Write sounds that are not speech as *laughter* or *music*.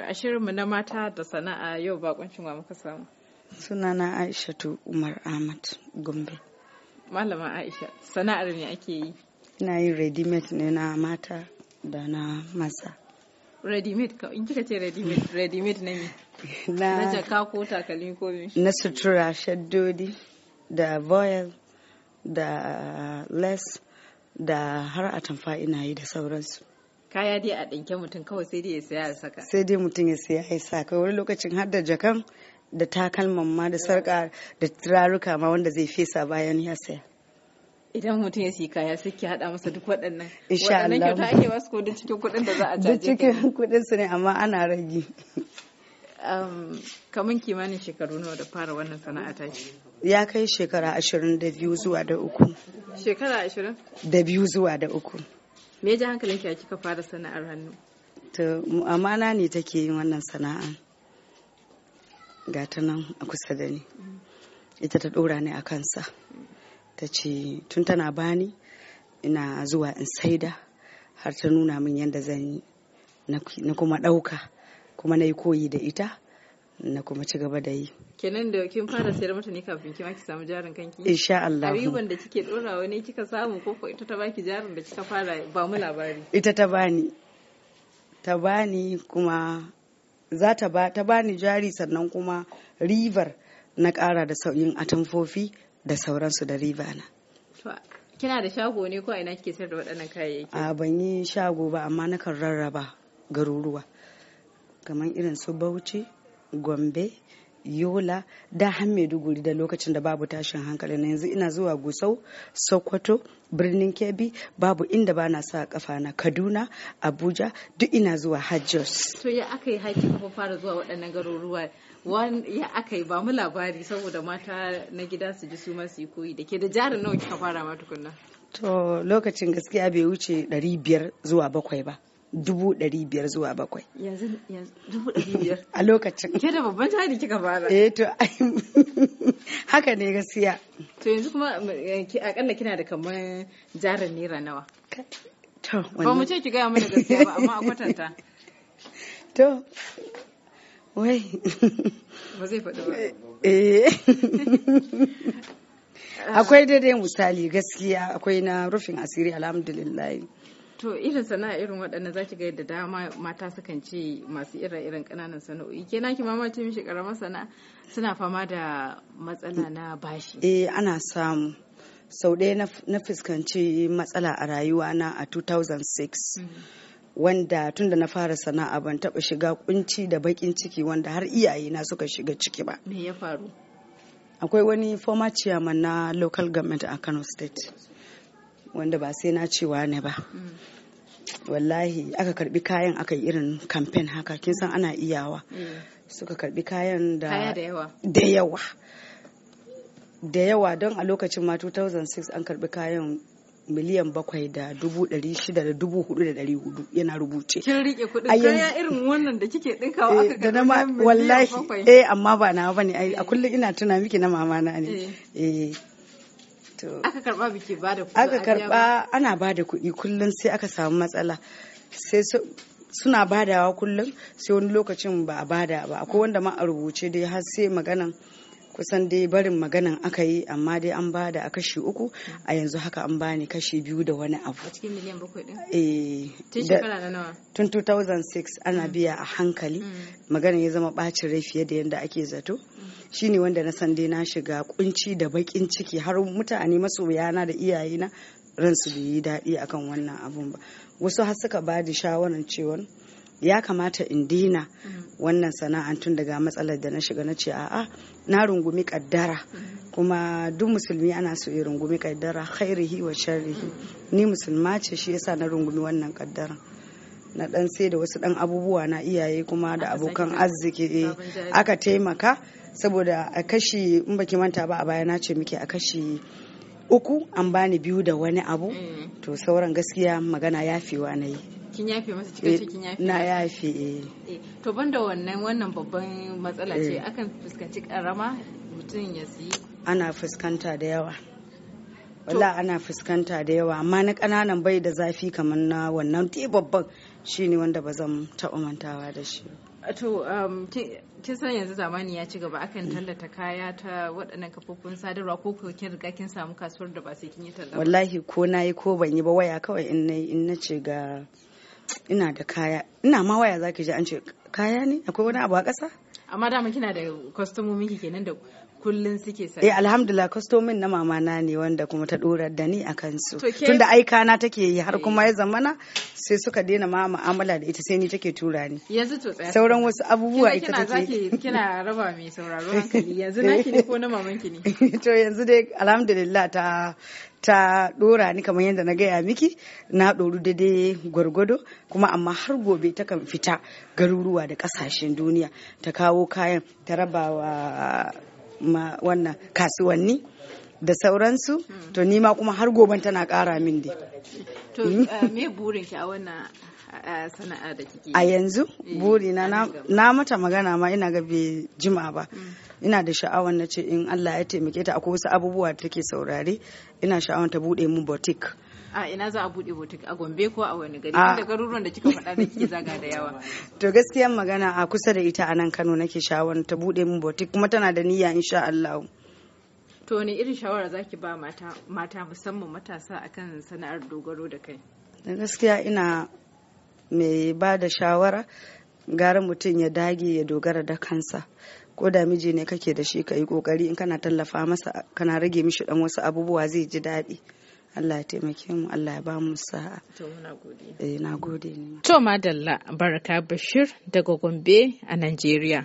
To a shirinmu na mata da sana'a yau bakuncin wa muka samu. Sunana Aisha tu Umar Ahmad Gombe. Malama Aisha, sana'ar me ake yi? Ina yin ready made ne na mata da na maza. Ready made ka in kika ce ready made, ready made na me? *laughs* Na jaka ko takalmi ko me? Na sutura shaddodi da boil da less da har atamfa ina yi da sauransu. kaya dai a ɗinke mutum kawai sai dai ya saya ya saka sai dai mutum ya saya ya saka wani lokacin har da jakan da takalman ma da sarka da turaruka ma wanda zai fesa bayan ya saya idan mutum ya sika ya sai hada masa duk waɗannan insha Allah waɗannan kyauta ake wasu ko duk cikin kuɗin da za a jaje duk cikin kuɗin su ne amma ana rage kamun kimanin shekaru nawa da fara wannan sana'a ta shi ya kai shekara ashirin da biyu zuwa da uku shekara ashirin da biyu zuwa da uku me ji ki a kika fara sana'ar hannu to amana ne take yin wannan sana'a ga ta nan a kusa da ni ita ta dora ni a kansa ta ce tun tana bani ina zuwa in saida har ta nuna min yadda zan yi na kuma ɗauka kuma na yi koyi da ita na kuma ci gaba da yi kenan da kin fara sayar mata ne kafin kima ki samu jarin kanki insha Allah riban da kike dorawa ne kika samu ko ita ta baki jarin da kika fara ba mu labari ita ta bani ta bani kuma za ta ba ta bani jari sannan kuma ribar na ƙara da sauyin atamfofi da sauransu da riba na kina da shago ne ko ina kike sayar da waɗannan kayayyaki a ban yi shago ba amma nakan rarraba garuruwa kamar irin su Bauchi gombe yola da har maiduguri da lokacin da babu tashin hankali na yanzu ina zuwa gusau sokoto birnin Kebi babu inda ba na sa kafa na kaduna abuja duk ina zuwa hajjos to ya aka yi haji kuma fara zuwa waɗannan garuruwa ya aka yi ba mu labari saboda mata na gida su ji su masu koyi da ke da jarin nawa kika fara ma tukunna to lokacin gaskiya bai wuce 500 zuwa bakwai ba dubu ɗari biyar zuwa bakwai. *laughs* A lokacin. Ke da babban jari kika fara. Eh to *laughs* haka ne gaskiya. To yanzu kuma eh, akalla kina da kamar jarin naira nawa. To Ba mu ce ki gaya mana gaskiya ba amma a kwatanta. *laughs* To wai. Ba zai faɗi ba. Eh. eh. Akwai daidai misali gaskiya akwai na rufin asiri alhamdulillah. To irin sana'a irin waɗanda za ki ga yadda dama mata sukan ce masu irin irin ƙananan sana'o'i. Ke naki mama ce mishi ƙaramar sana'a suna fama da matsala na bashi. Eh ana samu. Sau ɗaya na fuskanci matsala a rayuwa na a 2006. Mm-hmm. Wanda tunda na fara sana'a ban taɓa shiga kunci da baƙin ciki wanda har iyaye na suka shiga ciki ba. Me ya faru? Akwai wani former chairman na local government a Kano state. wanda ba sai na cewa ne ba wallahi aka karbi kayan aka yi irin kamfen haka kin san ana iyawa mm. suka karbi kayan da da yawa da yawa don a lokacin ma 2006 an karbi kayan miliyan bakwai da dubu dari shida da dubu hudu da dari hudu yana rubuce. Kin rike kuɗin kaya irin wannan da kike ɗinkawa eh, aka ga miliyan bakwai. Wallahi eh amma ba na ba ne a eh. kullum ina tuna miki na mama na ne. Eh, eh. aka karba biki ba da kuɗi aka karba ana ba da kuɗi kullum sai aka samu matsala sai suna badawa kullum sai wani lokacin ba a bada ba akwai wanda ma a rubuce dai har sai maganan kusan dai barin maganan aka yi amma dai an ba da a kashi uku a yanzu haka an bani kashi biyu da wani abu eh, tun shekara nawa 2006 ana mm. biya a hankali mm. magana ya zama bacin rai fiye da yadda ake zato mm. shine wanda na san dai na shiga kunci da bakin ciki har mutane masoyana da iyayena ransu bai yi daɗi akan wannan abun ba wasu har suka ba da shawaran cewa ya kamata in dina wannan sana'an tun daga matsalar da na shiga na ce a'a na rungumi kaddara kuma duk musulmi ana so ya rungumi kaddara khairihi wa sharrihi ni musulma ce shi yasa na rungumi wannan kaddara na dan sai da wasu dan abubuwa na iyaye kuma da abokan arziki eh, aka taimaka saboda a kashi in baki manta ba a baya na ce miki a kashi uku an bani biyu da wani abu mm. to sauran gaskiya magana yafewa na yi kin yafe masa kika ce kin yafe eh, na yafe eh. Eh, to banda wannan wannan babban matsala ce akan fuskanci karama mutum ya siyi ana fuskanta da yawa wala ana fuskanta da yawa amma na kananan bai da zafi kamar na wannan ti babban shine wanda ba zan taɓa mantawa da shi to um, kin san yanzu zamani ya ci gaba akan tallata kaya ta waɗannan kafofin sadarwa ko ko kin riga kin samu kasuwar da ba sai kin yi tallafi. wallahi ko nayi ko ban yi ba waya kawai in na ce ga ina da kaya ina ma waya zaki ji an ce kaya ne akwai wani abu a ƙasa amma dama kina da kwastomomin ki kenan da kullun suke sai eh alhamdulillah kwastomin na mama na ne wanda kuma ta dora da ni a kansu tunda aika na take yi har kuma eh. ya zamana sai suka daina ma mu'amala da ita sai ni take tura ni yanzu to tsaya sauran wasu abubuwa ita take kina raba mai sauraro *laughs* hankali yanzu naki ne ko na mamanki ne *laughs* to yanzu dai alhamdulillah ta ta dora ni kamar yadda na gaya miki na doru daidai gwargwado kuma amma har gobe ta kan fita garuruwa da ƙasashen duniya ta kawo kayan ta rabawa wannan kasuwanni da sauransu hmm. to ni ma kuma har goban tana kara min dai to hmm? uh, me burin ki a wannan uh, sana'a da kike a yanzu eh, buri na mata magana ma ina ga bai jima ba hmm. ina da sha'awar na ce in Allah ya taimake ta akwai wasu abubuwa da take saurare ina sha'awar ta bude mu boutique a ina za a bude boutique a Gombe ko a wani gari da garuruwan da kika faɗa da kike zaga da yawa *laughs* to gaskiyan magana a kusa da ita a nan Kano nake sha'awar ta bude mu boutique kuma tana da niyya insha Allah to wani irin shawara za ki ba mata musamman matasa akan sana'ar dogaro da kai da gaskiya ina mai ba da shawara gara mutum ya dage ya dogara da kansa ko da miji ne kake da shi ka yi kokari in kana tallafa masa kana rage mishi dan wasu abubuwa zai ji daɗi Allah ya taimake mu Allah ya ba mu sa'a to muna gode eh na gode ne to madalla baraka bashir daga gombe a Najeriya